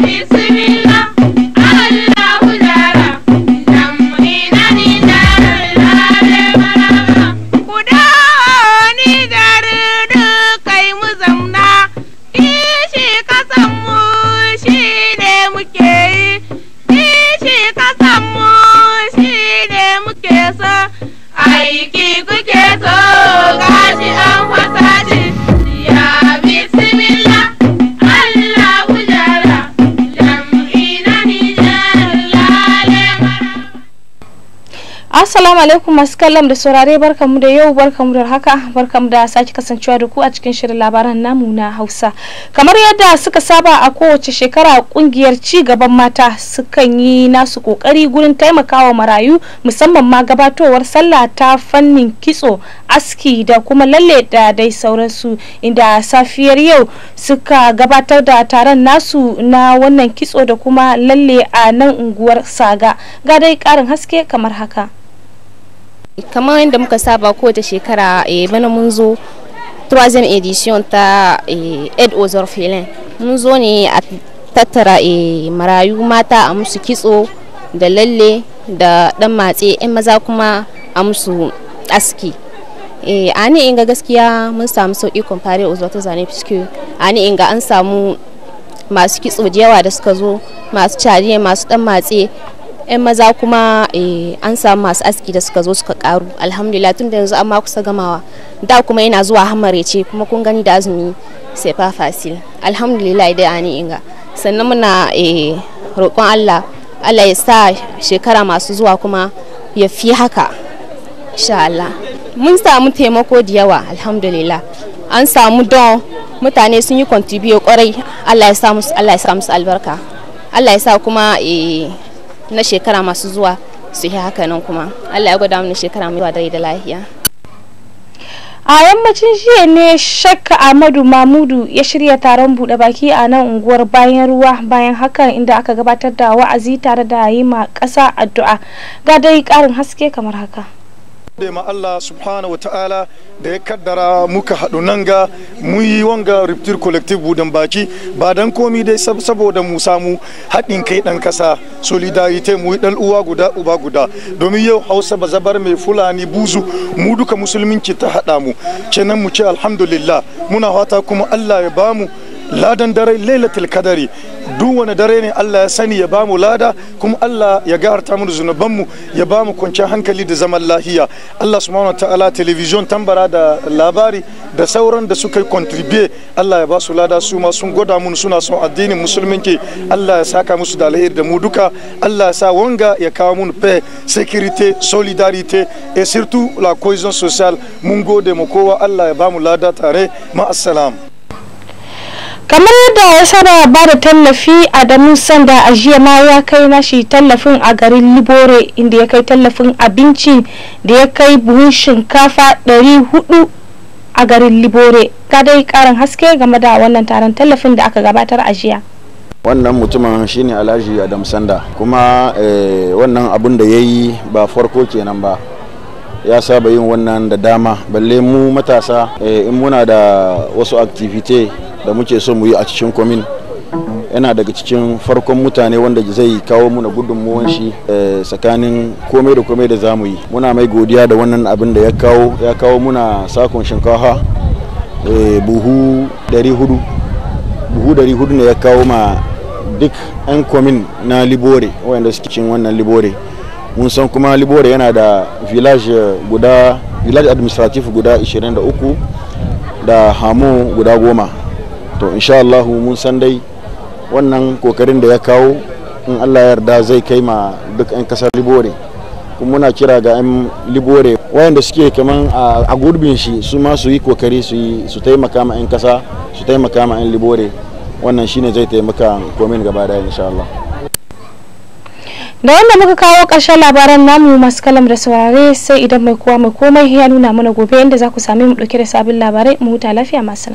Paris. Assalamu alaikum masu kallon da saurare barkamu da yau barkamu da haka barkamu da sake kasancewa da ku a cikin shirin labaran namu na Hausa. Kamar yadda suka saba a kowace shekara kungiyar ci gaban mata sukan yi nasu kokari gurin taimakawa marayu musamman ma gabatowar sallah ta fannin kitso aski da kuma lalle da dai sauransu inda safiyar yau suka gabatar da taron nasu na wannan kitso da kuma lalle a nan unguwar saga ga dai karin haske kamar haka. kamar yadda muka saba kowace shekara eh, bana mun zo 3 edition ta ed ozor filin mun zo ne a tattara eh, marayu mata a musu kitso da lalle da dan matse 'yan maza kuma a musu aski eh, a ne inga gaskiya mun samu sauƙi a ozor ta zane fiske a ne inga an samu masu kitso da yawa da suka zo masu cariya masu dan matse 'yan maza kuma eh, an samu masu aski da suka zo suka karu alhamdulillah tun da yanzu amma kusa gamawa da kuma yana zuwa hamarece ce kuma kun gani da azumi sai fa fasil alhamdulillah dai ani inga sannan muna eh, roƙon Allah Allah ya sa shekara masu zuwa kuma ya fi haka insha Allah mun samu taimako da yawa alhamdulillah an samu don mutane sun yi kwantibiyo kwarai Allah ya sa musu albarka Allah ya sa kuma eh, na shekara masu zuwa su yi haka nan kuma allah ya gwada mana shekara mai zuwa dai da lahiya a yammacin jiya ne shakka amadu mamudu ya shirya taron bude baki a nan unguwar bayan ruwa bayan hakan inda aka gabatar da wa'azi tare da yi ma kasa addu'a ga dai karin haske kamar haka da ma Allah subhanahu wata'ala da ya kaddara muka haɗu nan ga mun yi wanga riptir collective budan baki ba dan komi dai saboda mu samu haɗin kai ɗan ƙasa solidarity mu yi ɗan uwa guda uba guda domin yau hausa ba zabar mai fulani buzu mu duka musulminci ta haɗa mu kenan mu ce alhamdulillah muna fata kuma Allah ya bamu ladan dare lailatul kadari duk wani dare ne Allah ya sani ya bamu lada kuma Allah ya gaharta mu zunuban mu ya bamu kwanciya kwanciyar hankali da zaman lahiya Allah subhanahu ta'ala television tambara da labari da sauran da suka contribute Allah ya ba su lada su ma sun gwada mun suna son addinin musulminki Allah ya saka musu da alheri da mu duka Allah ya sa wanga ya kawo mun paix sécurité solidarité et surtout la cohésion sociale mun gode mu kowa Allah ya bamu lada tare ma assalam kamar yadda ya saba ba da tallafi a adamu sanda a jiya ma ya kai nashi tallafin a garin libore inda ya kai tallafin abinci da ya kai buhun shinkafa 400 a garin libore ka dai karin haske game da wannan taron tallafin da aka gabatar a jiya wannan mutumin shine alhaji adam sanda kuma eh, wannan abun da ya yi ba farko kenan ba ya saba yin wannan da dama balle mu matasa eh, in muna da wasu activity da muke so mu yi a cikin komin yana daga cikin farkon mutane wanda zai kawo muna gudunmuwan shi eh, tsakanin komai da komai da za mu yi muna mai godiya da wannan abin da ya kawo ya kawo muna sakon shinkafa eh, buhu dari hudu buhu dari hudu ne ya kawo ma duk 'yan komin na libore wayanda suke cikin wannan libore mun san kuma libore yana da village guda village administrative guda 23 da hamu guda goma to insha Allahu mun san dai wannan kokarin da ya kawo in Allah ya yarda zai kai ma duk 'yan kasar libore kuma muna kira ga 'yan libore wayanda suke kaman a gurbin shi su ma su yi kokari su taimaka ma 'yan kasa su taimaka ma 'yan libore wannan shine zai taimaka komin gaba daya insha Allah da wanda muka kawo ƙarshen labaran namu masu kalam da saurare sai idan mai kowa mai komai ya nuna mana gobe inda za ku sami mu ɗauke da sabbin labarai mu huta lafiya masu